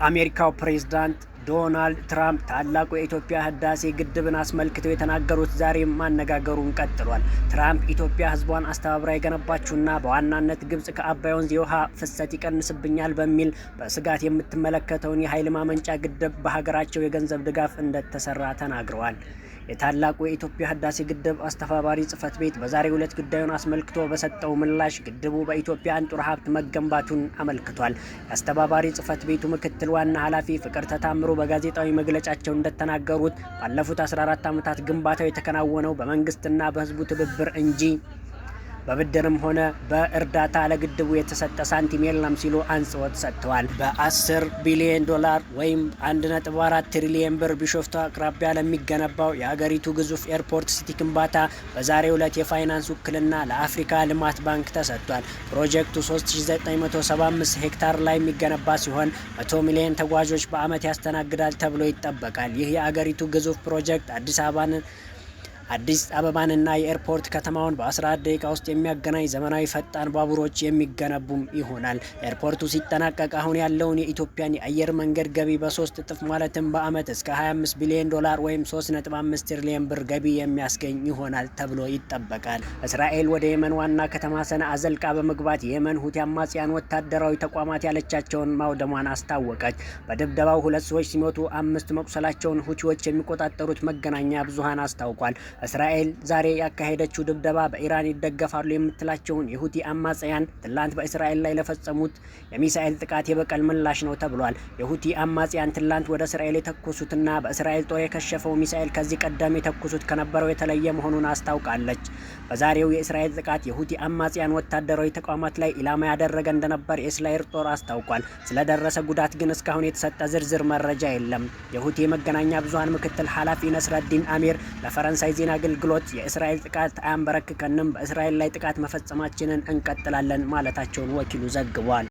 የአሜሪካው ፕሬዝዳንት ዶናልድ ትራምፕ ታላቁ የኢትዮጵያ ህዳሴ ግድብን አስመልክተው የተናገሩት ዛሬ ማነጋገሩን ቀጥሏል። ትራምፕ ኢትዮጵያ ህዝቧን አስተባብራ የገነባችሁና በዋናነት ግብጽ ከአባይ ወንዝ የውሃ ፍሰት ይቀንስብኛል በሚል በስጋት የምትመለከተውን የኃይል ማመንጫ ግድብ በሀገራቸው የገንዘብ ድጋፍ እንደተሰራ ተናግረዋል። የታላቁ የኢትዮጵያ ህዳሴ ግድብ አስተባባሪ ጽህፈት ቤት በዛሬው ዕለት ጉዳዩን አስመልክቶ በሰጠው ምላሽ ግድቡ በኢትዮጵያ አንጡር ሀብት መገንባቱን አመልክቷል። የአስተባባሪ ጽህፈት ቤቱ ምክትል ዋና ኃላፊ ፍቅር ተታምሮ በጋዜጣዊ መግለጫቸው እንደተናገሩት ባለፉት 14 ዓመታት ግንባታው የተከናወነው በመንግስትና በህዝቡ ትብብር እንጂ በብድርም ሆነ በእርዳታ ለግድቡ የተሰጠ ሳንቲም የለም ሲሉ አንጽወት ሰጥተዋል። በ10 ቢሊዮን ዶላር ወይም 1.4 ትሪሊየን ብር ቢሾፍቱ አቅራቢያ ለሚገነባው የሀገሪቱ ግዙፍ ኤርፖርት ሲቲ ግንባታ በዛሬው ዕለት የፋይናንስ ውክልና ለአፍሪካ ልማት ባንክ ተሰጥቷል። ፕሮጀክቱ 3975 ሄክታር ላይ የሚገነባ ሲሆን 100 ሚሊዮን ተጓዦች በዓመት ያስተናግዳል ተብሎ ይጠበቃል። ይህ የአገሪቱ ግዙፍ ፕሮጀክት አዲስ አበባን አዲስ አበባንና የኤርፖርት ከተማውን በ 11 ደቂቃ ውስጥ የሚያገናኝ ዘመናዊ ፈጣን ባቡሮች የሚገነቡም ይሆናል። ኤርፖርቱ ሲጠናቀቅ አሁን ያለውን የኢትዮጵያን የአየር መንገድ ገቢ በሶስት እጥፍ ማለትም በአመት እስከ 25 ቢሊዮን ዶላር ወይም 3.5 ትሪሊዮን ብር ገቢ የሚያስገኝ ይሆናል ተብሎ ይጠበቃል። እስራኤል ወደ የመን ዋና ከተማ ሰነአ ዘልቃ በመግባት የየመን ሁቲ አማጽያን ወታደራዊ ተቋማት ያለቻቸውን ማውደሟን አስታወቀች። በድብደባው ሁለት ሰዎች ሲሞቱ አምስት መቁሰላቸውን ሁቲዎች የሚቆጣጠሩት መገናኛ ብዙሃን አስታውቋል። እስራኤል ዛሬ ያካሄደችው ድብደባ በኢራን ይደገፋሉ የምትላቸውን የሁቲ አማጽያን ትላንት በእስራኤል ላይ ለፈጸሙት የሚሳኤል ጥቃት የበቀል ምላሽ ነው ተብሏል። የሁቲ አማጽያን ትላንት ወደ እስራኤል የተኮሱትና በእስራኤል ጦር የከሸፈው ሚሳኤል ከዚህ ቀደም የተኮሱት ከነበረው የተለየ መሆኑን አስታውቃለች። በዛሬው የእስራኤል ጥቃት የሁቲ አማጽያን ወታደራዊ ተቋማት ላይ ኢላማ ያደረገ እንደነበር የእስራኤል ጦር አስታውቋል። ስለደረሰ ጉዳት ግን እስካሁን የተሰጠ ዝርዝር መረጃ የለም። የሁቲ የመገናኛ ብዙሀን ምክትል ኃላፊ ነስረዲን አሚር ለፈረንሳይ ዜና የዜና አገልግሎት የእስራኤል ጥቃት አያንበረክከንም፣ በእስራኤል ላይ ጥቃት መፈጸማችንን እንቀጥላለን ማለታቸውን ወኪሉ ዘግቧል።